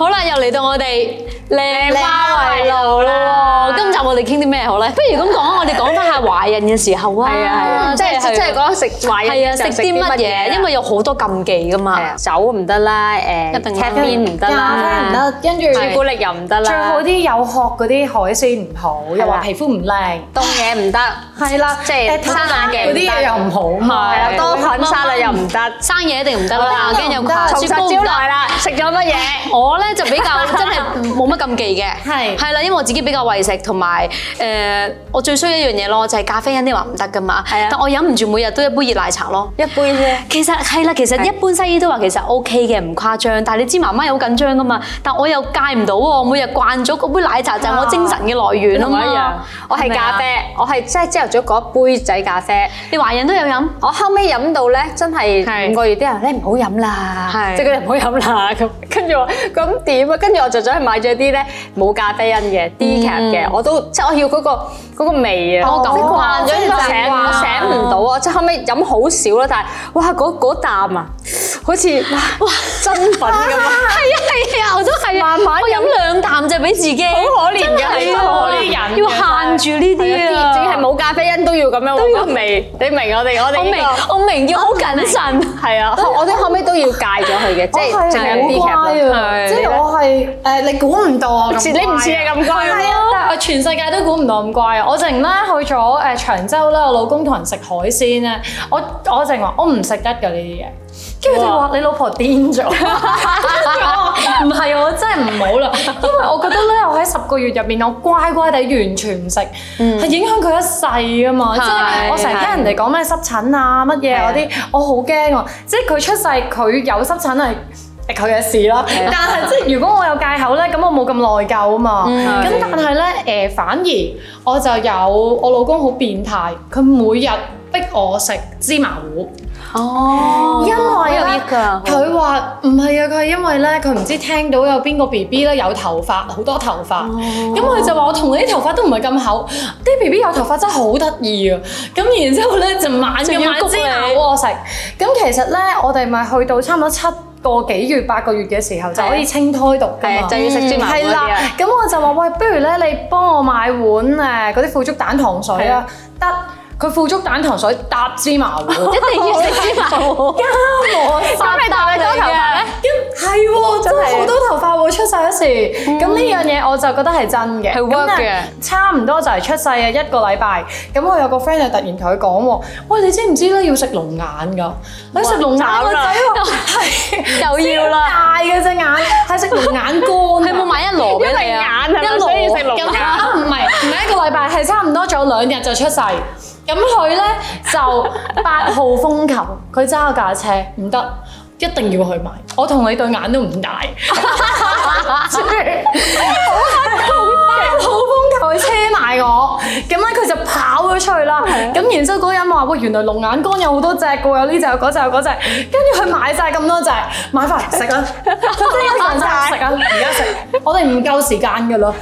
好啦，又嚟到我哋靚媽為奴咯！今集我哋傾啲咩好呢？不如咁講，我哋講翻下懷孕嘅時候啊，即係即係講食懷孕食啲乜嘢？因為有好多禁忌噶嘛，酒唔得啦，誒，咖啡唔得啦，跟住朱古力又唔得啦，最好啲有殼嗰啲海鮮唔好，又話皮膚唔靚，凍嘢唔得。係啦，即係生冷嘅但啲嘢又唔好，係啊，多菌沙律又唔得，生嘢一定唔得啦。跟住又查住招來啦，食咗乜嘢？我咧就比較真係冇乜禁忌嘅，係係啦，因為我自己比較為食，同埋誒我最衰一樣嘢咯，就係咖啡因，啲話唔得噶嘛。係啊，但我忍唔住，每日都一杯熱奶茶咯，一杯啫。其實係啦，其實一般西醫都話其實 OK 嘅，唔誇張。但係你知媽媽好緊張噶嘛？但我又戒唔到喎，每日慣咗嗰杯奶茶就係我精神嘅來源啊嘛。我係咖啡，我係即係之後。咗嗰一杯仔咖啡，你懷孕都有飲。我後尾飲到咧，真係五個月啲人咧唔好飲啦，即係佢哋唔好飲啦咁。跟住我，咁點啊？跟住我就走去買咗啲咧冇咖啡因嘅低卡嘅，我都即係我要嗰個嗰個味啊。我慣咗要醒，我醒唔到啊！即係後尾飲好少啦，但係哇嗰嗰啖啊！好似哇真粉咁啊！係啊係啊，我都係啊！我飲兩啖就俾自己好可憐噶呢啲人，要限住呢啲啊！淨係冇咖啡因都要咁樣，都要明你明我哋我哋我明要好謹慎係啊！我哋後尾都要戒咗佢嘅，即係仲有啲嘅，即係我係誒，你估唔到啊！你唔似你咁乖，我全世界都估唔到咁乖啊！我淨咧去咗誒長洲啦，我老公同人食海鮮咧，我我淨話我唔食得噶呢啲嘢。跟住話你老婆癲咗，唔係 我真係唔好啦，因為我覺得咧，我喺十個月入面，我乖乖地完全唔食，係、嗯、影響佢一世啊嘛！是的 即係我成日聽人哋講咩濕疹啊乜嘢嗰啲，是的 我好驚啊！即係佢出世佢有濕疹係佢嘅事咯，是的 但係即係如果我有戒口咧，咁我冇咁內疚啊嘛。咁、嗯、是的 但係咧誒，反而我就有我老公好變態，佢每日逼我食芝麻糊。哦，因為佢話唔係啊，佢係因為咧，佢唔知聽到有邊個 B B 咧有頭髮，好多頭髮，咁佢、哦、就話我同你啲頭髮都唔係咁厚，啲 B B 有頭髮真係好得意啊！咁然之後咧就猛咁焗你，好我食。咁其實咧，我哋咪去到差唔多七個幾月，八個月嘅時候就可以清胎毒㗎嘛，嗯、就要食芝麻糊嗰啲啊。咁我就話喂，不如咧你幫我買碗誒嗰啲腐竹蛋糖水啊，得對。佢腐竹蛋糖水搭芝麻糊，一定要食芝麻糊，加我加你大把多頭髮，係真係好多頭髮會出世嗰時。咁呢樣嘢我就覺得係真嘅，係 work 嘅。差唔多就係出世嘅一個禮拜。咁我有個 friend 又突然同佢講喎，喂你知唔知咧要食龍眼㗎？你食龍眼啦！仔話係又要啦，大嘅隻眼係食龍眼乾，係冇買一籮俾你啊！一籮咁啊，唔係唔係一個禮拜，係差唔多仲有兩日就出世。咁佢咧就八號風球，佢揸 架車，唔得，一定要去買。我同你對眼都唔大。佢車埋我，咁咧佢就跑咗出去啦。咁然之後嗰人話：喂，原來龍眼乾有好多隻嘅，有呢隻、嗰隻、嗰隻。跟住佢買晒咁多隻，買翻食緊，真係食曬食緊，而家食。我哋唔夠時間㗎囉，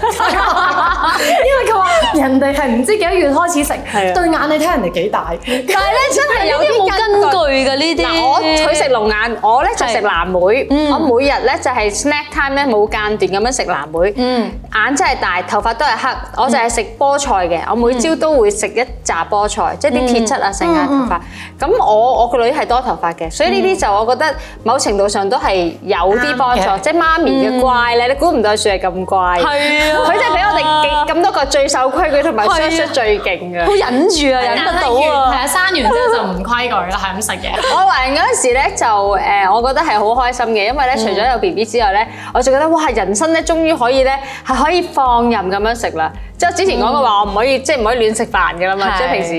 因為佢話人哋係唔知幾多月開始食，對眼你睇人哋幾大，但係咧真係有啲冇根據嘅呢啲。嗱，我佢食龍眼，我咧就食藍莓。我每日咧就係 snack time 咧冇間斷咁樣食藍莓。眼真係大，頭髮都係黑。我就係食菠菜嘅，我每朝都會食一紮菠菜，即係啲鐵質啊，成日頭髮。咁我我個女係多頭髮嘅，所以呢啲就我覺得某程度上都係有啲幫助。即係媽咪嘅乖咧，你估唔到算係咁乖，係啊，佢真係俾我哋幾咁多個最守規矩同埋出出最勁嘅，好忍住啊，忍得到啊，係啊，生完之後就唔規矩啦，係咁食嘅。我懷孕嗰陣時咧，就誒，我覺得係好開心嘅，因為咧，除咗有 B B 之外咧，我就覺得哇，人生咧，終於可以咧係可以放任咁樣食啦。即之前講過話，我唔、嗯、可以即係唔可以亂食飯㗎啦嘛。即是平時，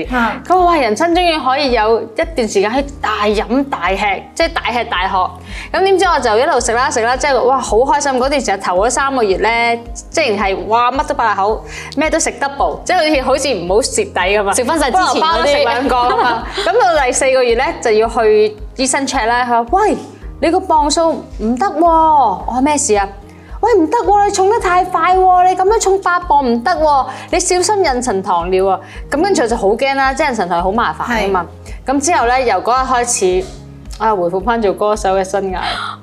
佢話、嗯：人生終於可以有一段時間可以大飲大吃，即、就是、大吃大喝。咁點知我就一路食啦食啦，即係好開心。嗰段時間頭嗰三個月咧，即係係哇乜都八下口，咩都食 double，即係好似唔好蝕底咁啊，食翻曬之前嗰啲。咁 到第四個月咧就要去醫生 check 啦。佢話：喂，你個磅數唔得喎，我話咩事啊？喂唔得喎，你重得太快喎，你咁樣重八磅唔得喎，你小心妊娠糖尿病啊！咁跟住就好驚啦，即係妊娠糖好麻煩噶嘛。咁之是後咧，由嗰日開始啊，回復翻做歌手嘅生涯。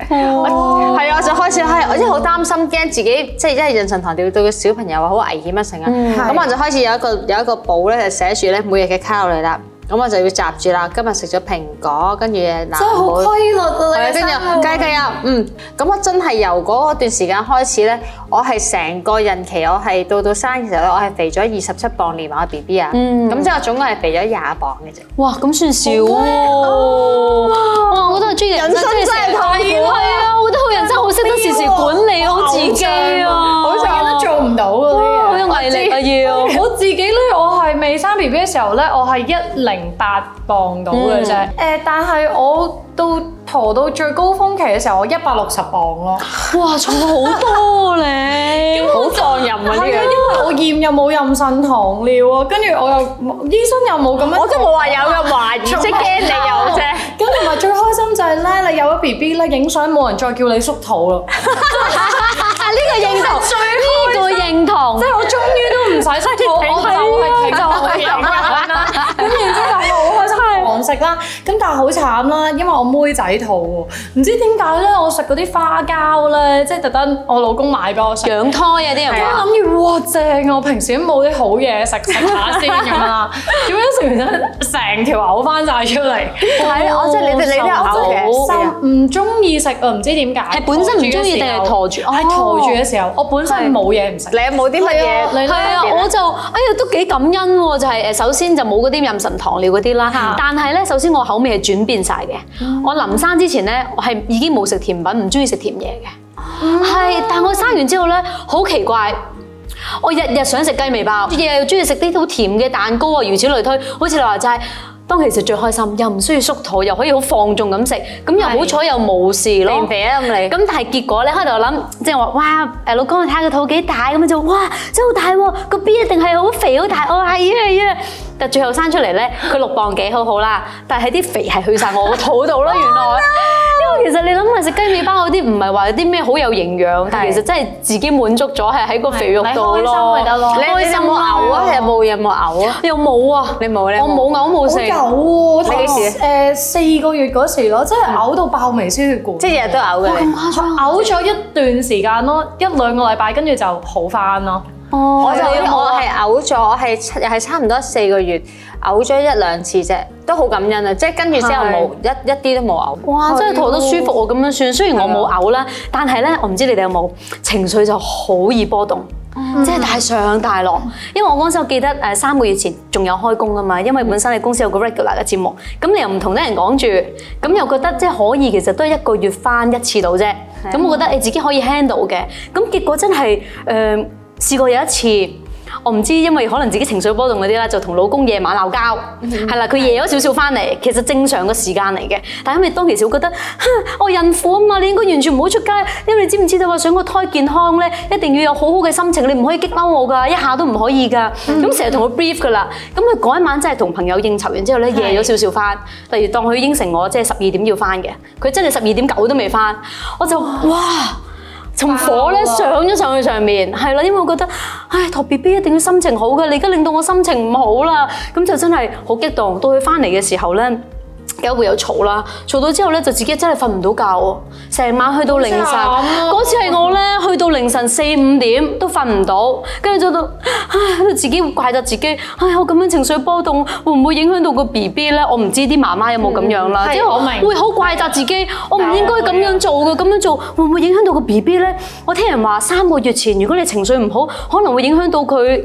係啊、哦，我就開始係我真係好擔心，驚自己即係即係妊娠糖尿病對個小朋友啊好危險啊成啊。咁是我就開始有一個有一個簿咧，就寫住咧每日嘅卡路里啦。咁我就要閘住啦。今日食咗蘋果，跟住真係好藍莓，係跟住雞雞啊。嗯，咁我真係由嗰段時間開始咧，我係成個孕期，我係到到生嘅時候咧，我係肥咗二十七磅連埋我 B B 啊。嗯，咁即係我總共係肥咗廿磅嘅啫。哇，咁算少喎！哇，我真係鍾意人生，真係太係啊！我覺得佢人生好識得時時管理好自己啊。唔到嘅，毅力啊要！我自己咧，我係未生 B B 嘅時候咧，我係一零八磅到嘅啫。誒，但係我到陀到最高峰期嘅時候，我一百六十磅咯。哇，重好多啊你！好放任嗰啲嘢。因為我驗又冇妊娠糖尿啊，跟住我又醫生又冇咁樣。我都冇話有人懷疑，即係驚你有啫。跟住咪最開心就係咧，你有咗 B B 咧，影相冇人再叫你縮肚咯。呢個影得最。即係我終於都唔使塞車，我就係提、啊、就係。 食啦，咁但係好慘啦，因為我妹仔肚喎，唔知點解咧，我食嗰啲花膠咧，即係特登我老公買俾我食。養胎呀，啲人話，我諗住哇正啊，我平時都冇啲好嘢食食下先咁啦，點知食完真係成條嘔翻曬出嚟。我係我即係你哋你咧我唔中意食啊，唔知點解。係本身唔中意定係陀住？我係陀住嘅時候，我本身冇嘢唔食。你冇啲乜嘢？係啊，我就哎呀都幾感恩喎，就係誒首先就冇嗰啲妊娠糖尿嗰啲啦，但係咧。首先我口味係轉變晒嘅，嗯。我臨生之前呢，我係已經冇食甜品，唔中意食甜嘢嘅。係、啊，但我生完之後呢，好奇怪，我日日想食雞尾包，日日又中意食啲好甜嘅蛋糕啊。如此類推，好似話就係、是。當其實最開心，又唔需要縮肚，又可以好放縱咁食，咁又好彩又冇事咯。唔肥啊咁你。咁但係結果咧，喺度諗，即係話哇，誒老公，你睇下個肚幾大咁就哇，真係好大喎，個 B 一定係好肥好大，我係啊係啊。但係最後生出嚟咧，佢六磅幾好好啦，但係啲肥係去曬我個肚度咯，原來。因為其實你諗下食雞尾包嗰啲，唔係話啲咩好有營養，但係其實真係自己滿足咗，係喺個肥肉度咯。開心咪得咯。冇有冇嘔啊？有冇啊？你冇咧？我冇嘔冇四。好嘔喎！睇下誒四個月嗰時咯，真係嘔到爆微絲血管。即係日日都嘔嘅你。嘔咗一段時間咯，一兩個禮拜，跟住就好翻咯。哦，我就我係嘔咗，係又係差唔多四個月嘔咗一兩次啫，都好感恩啊！即係跟住之後冇一一啲都冇嘔。哇！真係肚都舒服喎，咁樣算。雖然我冇嘔啦，但係咧，我唔知你哋有冇情緒就好易波動。即係大上大落，因為我嗰陣時我記得誒三個月前仲有開工噶嘛，因為本身你公司有個 regular 嘅節目，咁你又唔同啲人講住，咁又覺得即係、呃、可以，其實都係一個月翻一次到啫，咁的我覺得你自己可以 handle 嘅，咁結果真係誒試過有一次。我唔知，因為可能自己情緒波動嗰啲啦，就同老公夜晚鬧交，係啦、嗯，佢夜咗少少翻嚟，其實正常嘅時間嚟嘅。但係因為當時我覺得，我孕婦啊嘛，你應該完全唔好出街，因為你知唔知道話想個胎健康咧，一定要有好好嘅心情，你唔可以激嬲我噶，一下都唔可以噶。咁成日同佢 brief 噶啦，咁佢嗰一晚真係同朋友應酬完之後咧，夜咗少少翻。例如當佢應承我即係十二點要翻嘅，佢真係十二點九都未翻，我就哇！從火咧上咗上去上面，係啦， 因為我覺得，唉、哎，同 B B 一定要心情好嘅，你而家令到我心情唔好啦，咁就真係好激動。到佢返嚟嘅時候咧，又會有吵啦，吵到之後咧，就自己真係瞓唔到覺，成晚去到凌晨。凌晨四五點都瞓唔到，跟住做到唉，都自己會怪責自己。唉，我咁樣情緒波動會唔會影響到個 B B 呢？我唔知啲媽媽有冇咁樣啦，即係、嗯、會好怪責自己。的我唔應該咁樣做嘅，咁的樣做會唔會影響到個 B B 呢？我聽人話三個月前如果你情緒唔好，可能會影響到佢。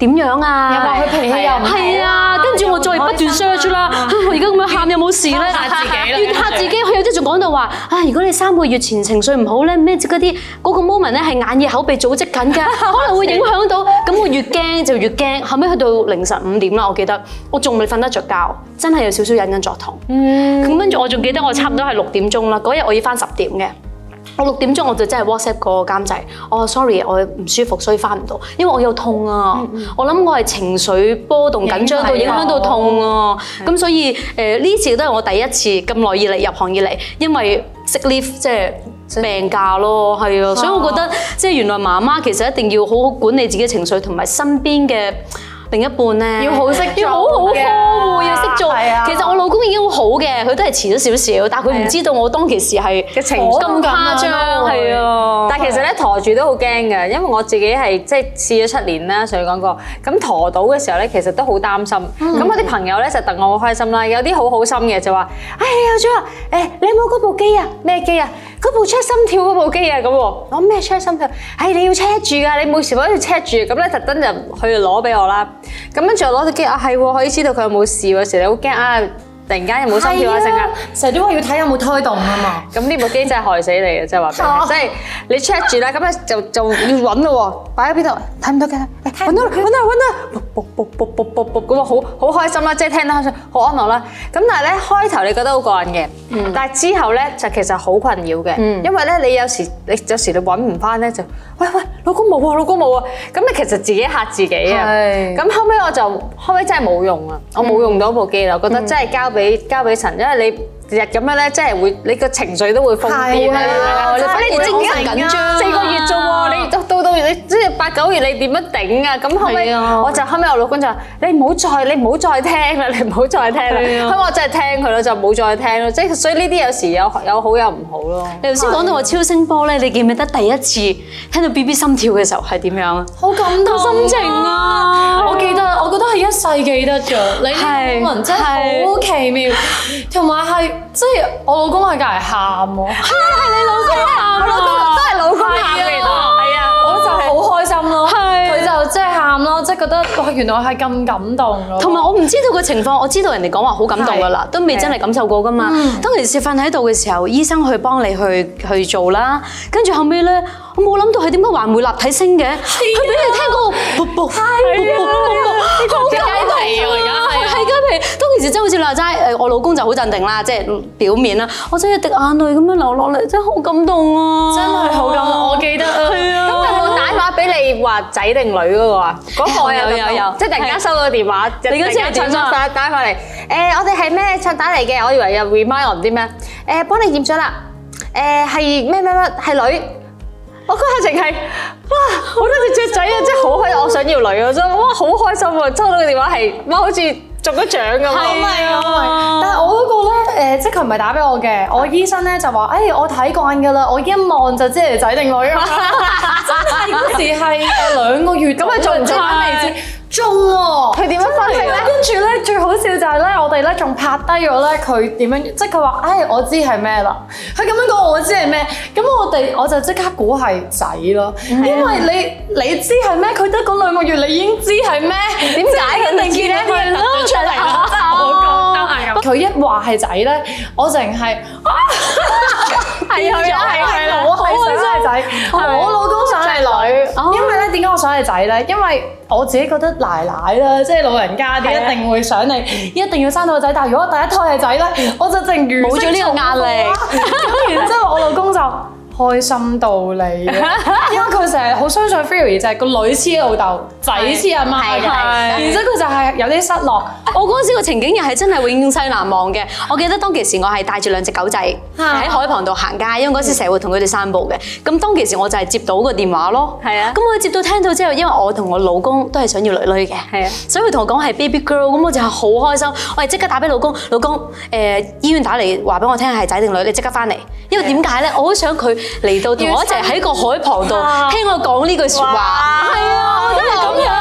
點樣啊？佢脾氣又唔好。係啊，跟住、嗯、我再不斷 search 啦。我而家咁樣喊有冇事呢？越嚇自己越嚇自己，佢有啲仲講到話：如果你三個月前情緒唔好呢，咩嗰啲嗰個 moment 呢，係眼耳口鼻組織緊㗎，哈哈哈哈，可能會影響到。咁神我越驚就越驚。後尾去到凌晨五點啦，我記得我仲未瞓得着覺，真係有少少隱隱作痛。嗯。跟住我仲記得我差唔多係六點鐘啦。嗰日我要返十點嘅。我六點鐘我就真係 WhatsApp 個監製，我、oh, sorry，我唔舒服，所以翻唔到，因為我有痛啊。Mm hmm. 我諗我係情緒波動緊張到影響到痛啊。咁、嗯、所以誒呢、呃、次都係我第一次咁耐以嚟入行以嚟，因為 sick leave 即係病假咯，係啊的。的所以我覺得即係原來媽媽其實一定要好好管理自己情緒同埋身邊嘅。另一半咧要好識，要好要好呵護，要識做。其實我老公已經好嘅，佢都係遲咗少少，但係佢唔知道我當其時係嘅情咁誇張，係啊！但係其實咧陀住都好驚嘅，因為我自己係即係試咗七年啦，上講過。咁陀到嘅時候咧，其實都好擔心。咁我啲朋友咧就戥我好開心啦，有啲好好心嘅就話：，哎呀，仲啊，誒、哎，你有冇嗰部機啊？咩機啊？嗰部 check 心跳嗰部機啊，咁喎、啊，攞咩 check 心跳？哎，你要 check 住噶，你冇事咪要 check 住，咁咧特登就去攞俾我啦。咁樣仲要攞部機啊，係、啊、可以知道佢有冇事喎，成你好驚啊！突然間有冇心跳啦！成日成日都話要睇有冇胎動啊嘛！咁呢部機真係害死你嘅，即係話，即係你 check 住啦，咁啊就就要揾咯喎，擺喺邊度睇唔到嘅，揾到揾到揾到，卜卜卜卜卜卜卜咁啊，好好開心啦，即係聽得開心，好安樂啦。咁但係咧開頭你覺得好過癮嘅，但係之後咧就其實好困擾嘅，因為咧你有時你有時你揾唔翻咧就。喂喂，老公冇啊，老公冇啊，咁你其實自己嚇自己啊。咁是後尾我就後尾真係冇用啊、嗯，我冇用到部機啦，我覺得真係交俾、嗯、交俾神，因為你。日咁樣咧，即係會你個情緒都會瘋狂嘅。係而真係好緊張，四個月啫喎，你到到你即係八九月你點樣頂啊？咁後尾，我就後尾我老公就話：你唔好再，你唔好再聽啦，你唔好再聽啦。後尾我真係聽佢咯，就唔好再聽咯。即係所以呢啲有時有有好有唔好咯。你頭先講到話超聲波咧，你記唔記得第一次聽到 B B 心跳嘅時候係點樣啊？好感動心情啊！我記得，我覺得係一世記得咗。你啲經驗真係好奇妙，同埋係。即係我老公喺隔籬喊喎，係係、 啊、你老公喊、啊， 我老公真係 老公喊啊， 啊，我就好開心咯，佢就即係喊咯，即係覺得，原來係咁感動咯、啊，同埋 我唔知道個情況，我知道人哋講話好感動噶啦，對都未真係感受過噶嘛，啊嗯、當時瞓喺度嘅時候，醫生去幫你去去做啦，跟住後尾咧。我冇諗到佢點解還會立體聲嘅，佢俾你聽嗰個布布太布布布布布街都係啊，係嘅係。當陣時真係好似話齋，誒，我老公就好鎮定啦，即係表面啦。我真係一滴眼淚咁樣流落嚟，真係好感動啊！真係好感動，我記得啊。咁有冇打電話俾你話仔定女嗰個啊？嗰個有有有，即係突然間收到個電話，你嗰次係唱打返嚟？誒，我哋係咩唱打嚟嘅？我以為又 remind 我唔知咩？誒，幫你驗咗啦。誒，係咩咩咩？係女。我個心情係哇，好多隻雀仔啊！真係好開心， 我想要女真係，哇好開心啊！收到個電話係哇，好似中咗獎咁啊！啊，啊但係我嗰個咧誒，即佢唔係打俾我嘅，我醫生咧就話誒、哎，我睇慣㗎啦，我一望就知係仔定女咁啦。 真係嗰時係兩個月咁， 你做唔做返未？中喎，佢點樣分咧？跟住咧，最好笑就係咧，我哋咧仲拍低咗咧，佢點樣？即係佢話，唉，我知係咩啦。佢咁樣講，我知係咩。咁我哋我就即刻估係仔咯，因為你你知係咩？佢得嗰兩個月，你已經知係咩？點解佢定見一面出嚟咧？我覺得係咁。佢一話係仔咧，我淨係係啊，係係，我開心！真係仔。想係仔咧，因為我自己覺得奶奶啦，即、就、係、是、老人家啲、啊、一定會想你，一定要生到個仔。但係如果第一胎係仔呢，我就正如冇咗呢個壓力。壓力 然之後我老公就。開心到你， 因為佢成日好相信 Fairy 就係個女黐老豆，仔黐阿媽嘅，然之後佢就係有啲失落。 我嗰陣時個情景又係真係永世難忘嘅。我記得當其時我係帶住兩隻狗仔喺海旁度行街，因為嗰時成日會同佢哋散步嘅。咁當其時我就係接到個電話咯，咁的我接到聽到之後，因為我同我老公都係想要女女嘅，的所以佢同我講係 baby girl，咁我就係好開心，我係即刻打俾老公，老公誒、呃、醫院打嚟話俾我聽係仔定女，你即刻返嚟，因為點解咧？ 我好想佢。嚟到我一齊喺個海旁度聽我講呢句說話，係啊，我覺得係咁樣，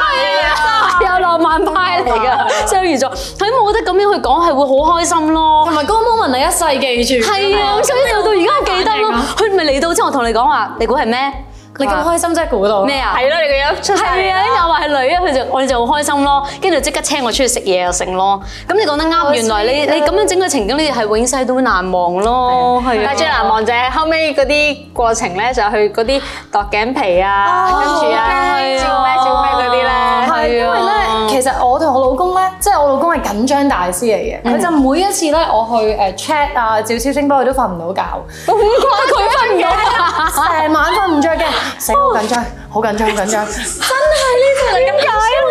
係啊，又浪漫派嚟噶，雙魚座，咁我覺得咁樣去講係會好開心咯，同埋嗰個 moment 你一世記住，係啊，所以到而家我記得咯，佢咪嚟到之後同你講話，你估係咩？你咁開心真係估到咩啊？係咯，你個樣出曬，係啊！又話係女啊，佢就我哋就好開心咯，跟住即刻請我出去食嘢又成咯。咁你講得啱，原來你你咁樣整個情景，你哋係永世都難忘咯。係啊，但係最難忘就係後尾嗰啲過程咧，就去嗰啲剝頸皮啊，跟住啊，照咩照咩嗰啲咧。係啊。其實我同我老公咧，即係我老公係緊張大師嚟嘅，佢、嗯、就每一次咧，我去誒 check 啊、照超聲波，佢都瞓唔到覺，怪佢瞓唔到，成晚瞓唔着嘅，死緊張，好緊張好緊張，真係。 點解？因為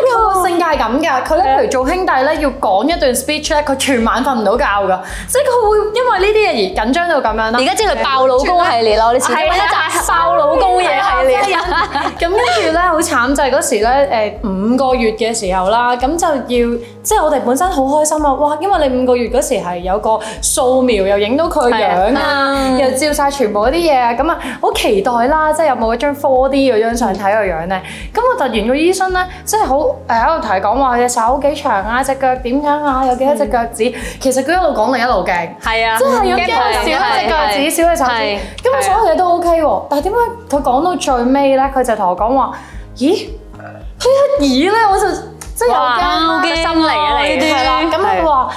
佢個性格係咁㗎，佢咧 Yeah. 譬如做兄弟咧，要講一段 speech 咧，佢全晚瞓唔到覺㗎，即係佢會因為呢啲嘢而緊張到咁樣啦。而家知佢爆老公系列啦，張我哋前邊一集 爆老公嘢系列。 咁跟住咧，好慘就係、是、嗰時咧，誒、呃、五個月嘅時候啦，咁就要。即係我哋本身好開心啊！哇，因為你五個月嗰時係有個掃描，又影到佢樣，啊、又照晒全部嗰啲嘢，咁啊好期待啦！即係有冇嗰張 four D 嘅張相睇個樣咧？咁、嗯、我突然個醫生咧，即係好誒喺度提講話隻手幾長啊，隻腳點樣啊，有幾多隻腳趾？嗯、其實佢一路講，另一路勁，係啊，即係有幾多少一隻腳趾，啊、少嘅隻腳趾。咁我所有嘢都 OK 喎，但係點解佢講到最尾咧，佢就同我講話：咦？佢一咦咧，我就。即係有驚啊！心嚟嘅嚟嘅，係啦些。咁佢話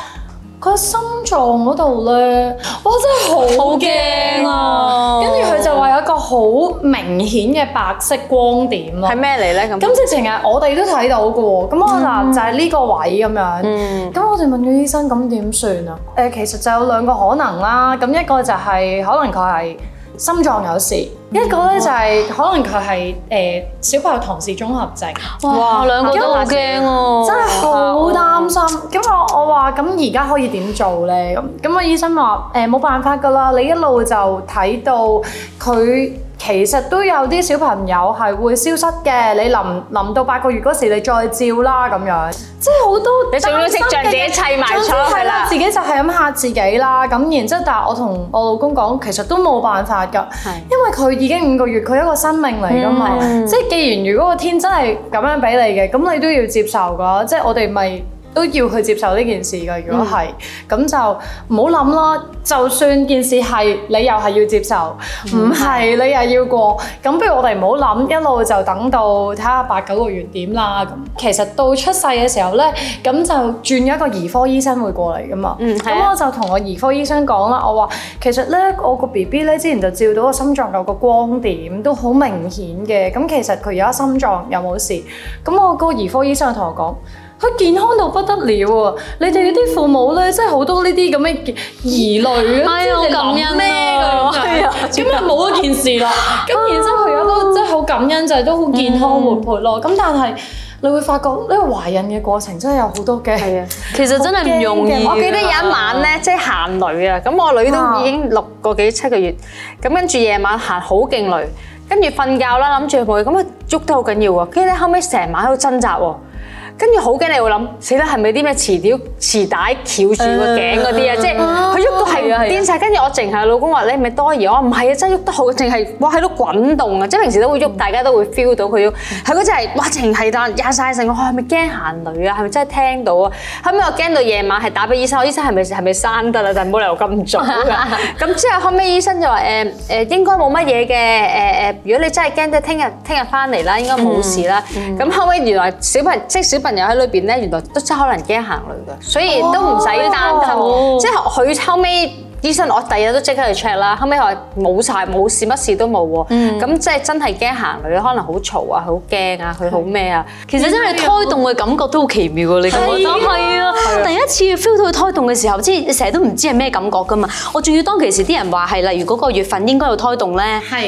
佢心臟嗰度咧，哇！真係好驚啊！跟住佢就話有一個好明顯嘅白色光點咯。係咩嚟咧？咁咁直情係我哋都睇到嘅喎。咁我嗱就係呢個位咁樣。咁、嗯、我哋問咗醫生，咁點算啊？誒、嗯，其實就有兩個可能啦。咁一個就係、是、可能佢係心臟有事。一個咧就係、是、哇可能佢係誒小朋友唐氏綜合症，哇，兩哇個都好驚哦！實話咁而家可以點做呢？咁咁阿醫生話誒，冇辦法噶啦，你一路就睇到佢其實都有啲小朋友係會消失嘅。你臨臨到八個月嗰時，你再照啦咁樣。即係好多，你仲要積著自己砌埋出嚟啦，自己就係咁嚇自己啦。咁然之後，但我同我老公講，其實都冇辦法噶，因為佢已經五個月，佢一個生命嚟噶嘛。的即係既然如果個天真係咁樣俾你嘅，咁你都要接受噶。即係我哋咪。都要去接受呢件事嘅。如果係咁、嗯、就唔好諗啦。就算件事係你又係要接受，唔係、嗯、你又要過。咁、嗯、不如我哋唔好諗，一路就等到睇下八九個月點啦。咁其實到出世嘅時候呢，咁就轉咗一個兒科醫生會過嚟噶嘛。咁、嗯啊、我就同個兒科醫生講啦，我話其實呢，我個 B B 呢之前就照到個心臟有個光點，都好明顯嘅。咁其實佢而家心臟有冇事？咁我個兒科醫生就同我講。佢健康到不得了喎！你哋嗰啲父母咧，真係好多呢啲咁嘅疑慮。係啊，感恩啊，咩噶？係啊，咁咪冇咗件事咯。咁然之後佢又都真係好感恩，就係都好健康活潑咯。咁但係你會發覺呢個懷孕嘅過程真係有好多嘅。係啊，其實真係唔容易。我記得有一晚咧，即係行累啊。咁我個女都已經六個幾七個月，咁跟住夜晚行好勁累，跟住瞓覺啦，諗住冇嘢，咁啊喐得好緊要喎。跟住咧後屘成晚喺度掙扎喎。跟住好驚，你會諗死啦，係咪啲咩磁條磁帶翹住個頸嗰啲啊？Uh, uh, uh, 即係佢喐到係跌晒。跟住我淨係老公話，你係咪多疑？我唔係啊，真係喐得好，淨係哇喺度滾動啊！即係平時都會喐，大家都會 feel 到佢喐。係嗰隻係哇，淨係但壓曬成個，係咪驚行雷啊？係咪真係聽到啊？後尾我驚到夜晚係打俾醫生，我醫生係咪係咪生得啦？但係冇理由咁早㗎。咁 之後後尾醫生就話誒誒應該冇乜嘢嘅，誒誒，如果你真係驚，即係聽日聽日翻嚟啦，應該冇事啦。咁後尾，原來小朋友即係。朋友喺裏邊咧，原來都真係可能驚行雷嘅，所以都唔使擔心。哦、即係佢後尾。醫生，我第日都即刻去 check 啦。後尾我冇曬，冇事，乜事都冇喎。咁即係真係驚行雷，可能好嘈啊，好驚啊，佢好咩啊？其實真係胎動嘅感覺都好奇妙喎，你覺得係啊？第一次 feel 到胎動嘅時候，即係成日都唔知係咩感覺噶嘛。我仲要當其時啲人話係，例如嗰個月份應該有胎動咧，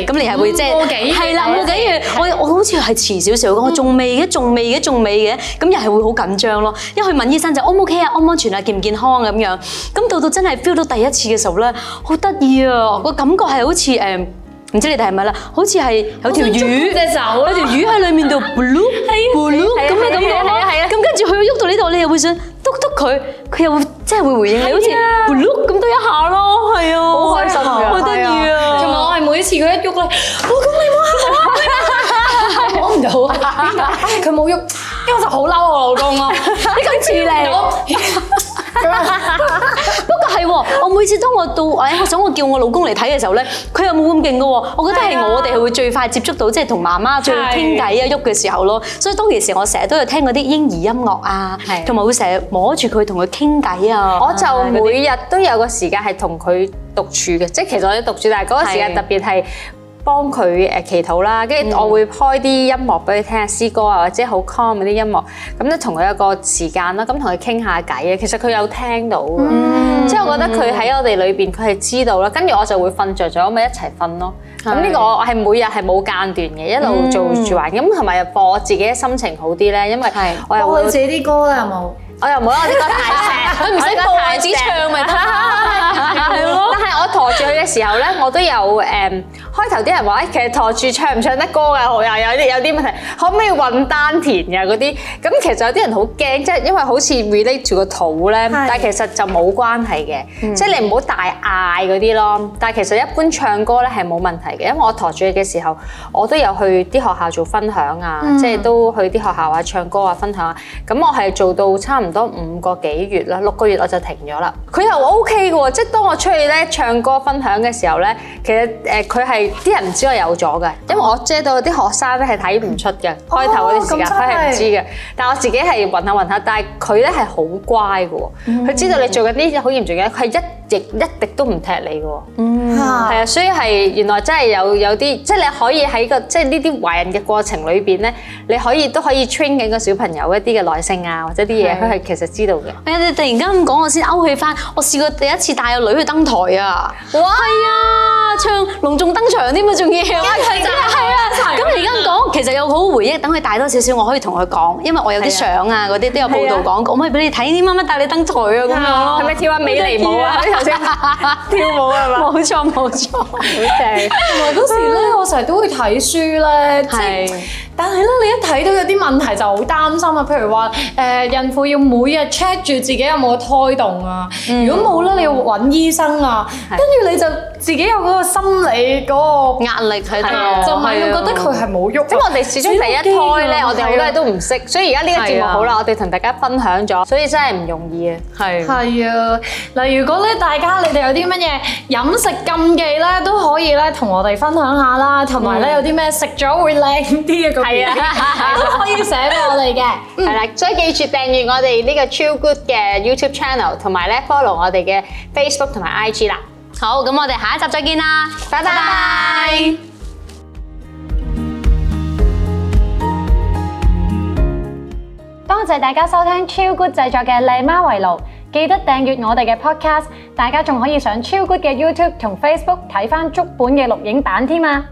咁你係會即係啦，個幾月？我我好似係遲少少，我仲未嘅，仲未嘅，仲未嘅，咁又係會好緊張咯。一去問醫生就 O 唔 O K 啊，安唔安全啊，健唔健康咁樣。咁到到真係 feel 到第一次嘅。手咧，好得意啊！個感覺係好似誒，唔知你哋係咪啦，好似係有條魚，有條魚喺裡面度，blue，blue，咁啊咁咯，係啊係啊，咁跟住佢喐到呢度，你又會想篤篤佢，佢又會即係會回應你，好似 blue 咁多一下咯，係啊，好開心啊！好得意啊！同埋我係每一次佢一喐咧，老公你摸下，摸唔到，佢冇喐，跟住我就好嬲我老公啊，你咁似你咯。我 每次當我到，哎，我想我叫我老公嚟睇嘅時候咧，佢又冇咁勁㗎喎。我覺得係我哋係會最快接觸到，即係同媽媽最傾偈啊、喐嘅時候咯。是的 所以當其時，我成日都有聽嗰啲嬰兒音樂啊，同埋會成日摸住佢同佢傾偈啊。是的 我就每日都有個時間係同佢獨處嘅，即係其實我哋獨處，但係嗰個時間特別係。幫佢誒祈禱啦，跟住我會開啲音樂俾佢聽下詩歌啊，或者好 calm 嗰啲音樂，咁就同佢有一個時間咯，咁同佢傾下偈啊。其實佢有聽到，即係我覺得佢喺我哋裏邊，佢係知道咯。跟住我就會瞓著咗，咪一齊瞓咯。咁呢個我係每日係冇間斷嘅，一路做住玩。咁同埋播我自己心情好啲咧，因為我又播自己啲歌啦，有冇？我又冇啦，啲歌太正，唔識兔孩子唱咪睇。係咯，但係我陀住佢嘅時候咧， 我都有誒開頭啲人話、欸，其實陀住唱唔唱得歌㗎、啊，我又有啲有啲問題，可唔可以混丹田呀嗰啲？咁其實有啲人好驚，即係因為好似 relate 住個肚咧，是的 但係其實就冇關係嘅，即係、嗯、你唔好大嗌嗰啲咯。但係其實一般唱歌咧係冇問題嘅，因為我陀住佢嘅時候，我都有去啲學校做分享啊，即係、嗯、都去啲學校啊唱歌啊分享啊。咁我係做到差唔多五個幾月啦，六個月我就停咗啦。佢又 O K 嘅喎，即係當我。我出去咧唱歌分享嘅時候咧，其實誒佢係啲人唔知我有咗嘅，因為我遮到啲學生咧係睇唔出嘅，開頭嗰段時間佢係唔知嘅。但係我自己係暈下暈下，但係佢咧係好乖嘅喎，佢、嗯、知道你做緊啲好嚴重嘅，佢係一直一滴都唔踢你嘅喎。係啊、嗯，所以係原來真係有有啲，即、就、係、是、你可以喺個即係呢啲懷孕嘅過程裏邊咧，你可以都可以 train 緊個小朋友一啲嘅耐性啊，或者啲嘢，佢係的其實知道嘅、嗯。你突然間咁講，我先勾起翻。我試過第一次帶個女。登台啊！哇，係啊，唱隆重登場添嘛，仲要係啊，係啊！咁你而家講，其實有好多回憶，等佢大多少少，我可以同佢講，因為我有啲相啊，嗰啲都有報道講過，可以俾你睇啲乜乜帶你登台啊？咁樣咯，係咪跳下美尼舞啊？啲頭先跳舞係嘛，冇錯冇錯，好正。同埋嗰時咧，我成日都會睇書咧，係。但係呢，你一睇到有啲問題就好擔心啊，譬如話，呃、孕婦要每日 check 住自己有冇胎動啊，嗯、如果冇咧，嗯、你要揾醫生啊，跟住、嗯、你就。自己有嗰個心理嗰個壓力喺度，就係覺得佢係冇喐。因為我哋始終第一胎咧，我哋好多嘢都唔識，所以而家呢個節目好啦，我哋同大家分享咗，所以真係唔容易啊！係係啊，嗱，如果咧大家你哋有啲乜嘢飲食禁忌咧，都可以咧同我哋分享下啦，同埋咧有啲咩食咗會靚啲嘅，係啊，都可以寫俾我哋嘅。係啦，所以記住訂閱我哋呢個超 good 嘅 YouTube channel，同埋咧 follow 我哋嘅 Facebook 同埋 IG 啦。好，咁我哋下一集再見啦，bye bye! 拜拜！多謝大家收聽超 good 製作嘅《麗媽圍爐》，記得訂閱我哋嘅 podcast，大家仲可以上超 good 嘅 YouTube 同 Facebook 睇返足本嘅錄影版添啊！